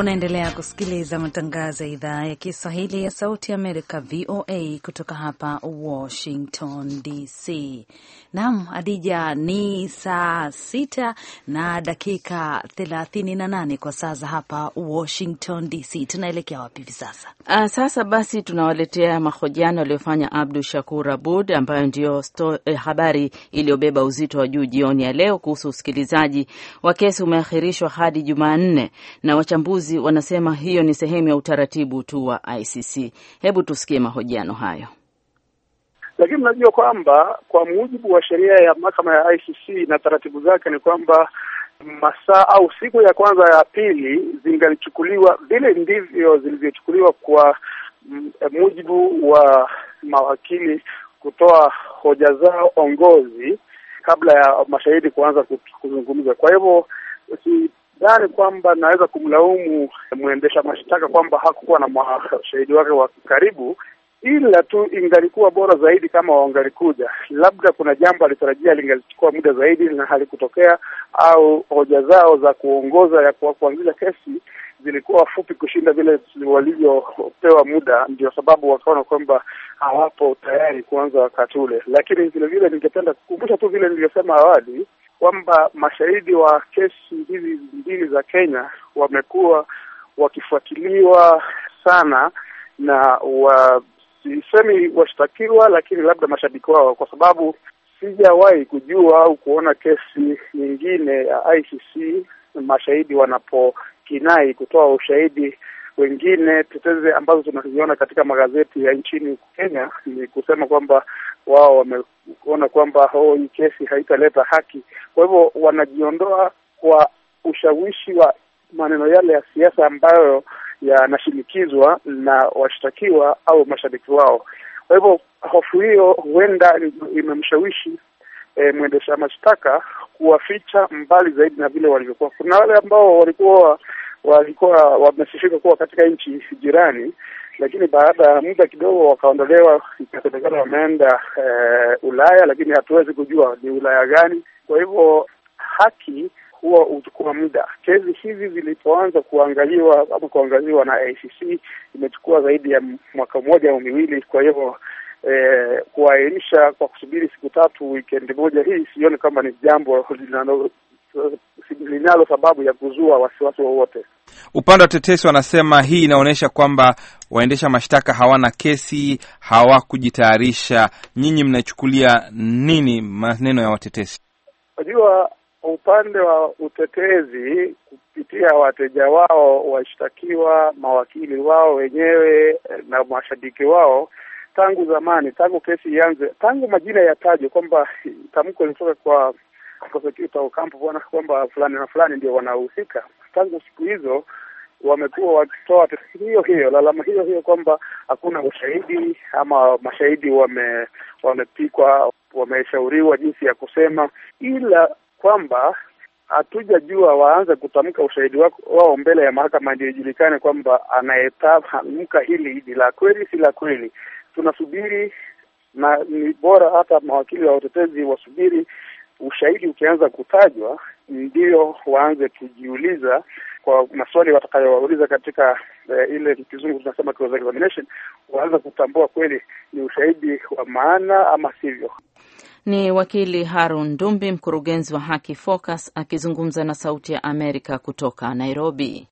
Unaendelea kusikiliza matangazo ya idhaa ya Kiswahili ya Sauti ya Amerika, VOA, kutoka hapa Washington DC. Naam, Adija, ni saa sita na dakika 38 na kwa saa za hapa Washington DC. Tunaelekea wapi hivi sasa? Uh, sasa basi tunawaletea mahojiano aliyofanya Abdu Shakur Abud, ambayo ndiyo eh, habari iliyobeba uzito wa juu jioni ya leo kuhusu usikilizaji wa kesi umeahirishwa hadi Jumanne na wachambuzi wachambuzi wanasema hiyo ni sehemu ya utaratibu tu wa ICC. Hebu tusikie mahojiano hayo. Lakini unajua kwamba kwa mujibu wa sheria ya mahakama ya ICC na taratibu zake ni kwamba masaa au siku ya kwanza ya pili zingalichukuliwa, vile ndivyo zilivyochukuliwa kwa mujibu wa mawakili kutoa hoja zao ongozi kabla ya mashahidi kuanza kuzungumza. Kwa hivyo Sidhani kwamba naweza kumlaumu mwendesha mashtaka kwamba hakukuwa na mashahidi wake wa karibu, ila tu ingalikuwa bora zaidi kama wangalikuja. Labda kuna jambo alitarajia lingalichukua muda zaidi na halikutokea, au hoja zao za kuongoza ya kuanzisha kesi zilikuwa fupi kushinda vile walivyopewa muda, ndio sababu wakaona kwamba hawapo tayari kuanza wakati ule. Lakini vilevile ningependa kukumbusha tu vile nilivyosema awali kwamba mashahidi wa kesi hizi mbili za Kenya wamekuwa wakifuatiliwa sana na wa sisemi washtakiwa, lakini labda mashabiki wao, kwa sababu sijawahi kujua au kuona kesi nyingine ya ICC mashahidi wanapokinai kutoa ushahidi. Wengine tetezi ambazo tunaziona katika magazeti ya nchini Kenya ni kusema kwamba wao wameona kwamba oh, hii kesi haitaleta haki. Kwa hivyo wanajiondoa kwa ushawishi wa maneno yale ya siasa ambayo yanashinikizwa na washtakiwa au mashabiki wao. Kwa hivyo hofu hiyo huenda imemshawishi e, mwendesha mashtaka kuwaficha mbali zaidi na vile walivyokuwa. Kuna wale ambao walikuwa walikuwa wamesifika kuwa katika nchi jirani lakini baada ya muda kidogo wakaondolewa, ikasemekana wameenda e, Ulaya, lakini hatuwezi kujua ni Ulaya gani. Kwa hivyo haki huwa huchukua muda. Kesi hizi zilipoanza kuangaliwa ama kuangaziwa na ICC imechukua zaidi ya mwaka mmoja au miwili. Kwa hivyo e, eh, kuairisha kwa kusubiri siku tatu, wikendi moja hii, sioni kama ni jambo linalo linalo sababu ya kuzua wasiwasi wowote upande wa tetesi wanasema hii inaonyesha kwamba waendesha mashtaka hawana kesi, hawakujitayarisha. Nyinyi mnachukulia nini maneno ya watetezi? Unajua, upande wa utetezi kupitia wateja wao, washtakiwa, mawakili wao wenyewe eh, na mashabiki wao, tangu zamani, tangu kesi ianze, tangu majina yatajwe kwamba tamko ilitoka kwa prosecutor Ocampo bwana kwamba fulani na fulani ndio wanahusika. Tangu siku hizo wamekuwa wakitoa tafsiri hiyo hiyo, lalama hiyo hiyo kwamba hakuna ushahidi ama mashahidi wame- wamepikwa, wameshauriwa jinsi ya kusema, ila kwamba hatujajua waanze kutamka ushahidi wao mbele ya mahakama ndio ijulikane kwamba anayetamka hili ni la kweli, si la kweli. Tunasubiri na ni bora hata mawakili wa utetezi wasubiri ushahidi ukianza kutajwa, ndio waanze kujiuliza kwa maswali watakayowauliza katika uh, ile kizungu tunasema cross examination, waanza kutambua kweli ni ushahidi wa maana ama sivyo. Ni wakili Harun ndumbi mkurugenzi wa Haki Focus, akizungumza na Sauti ya Amerika kutoka Nairobi.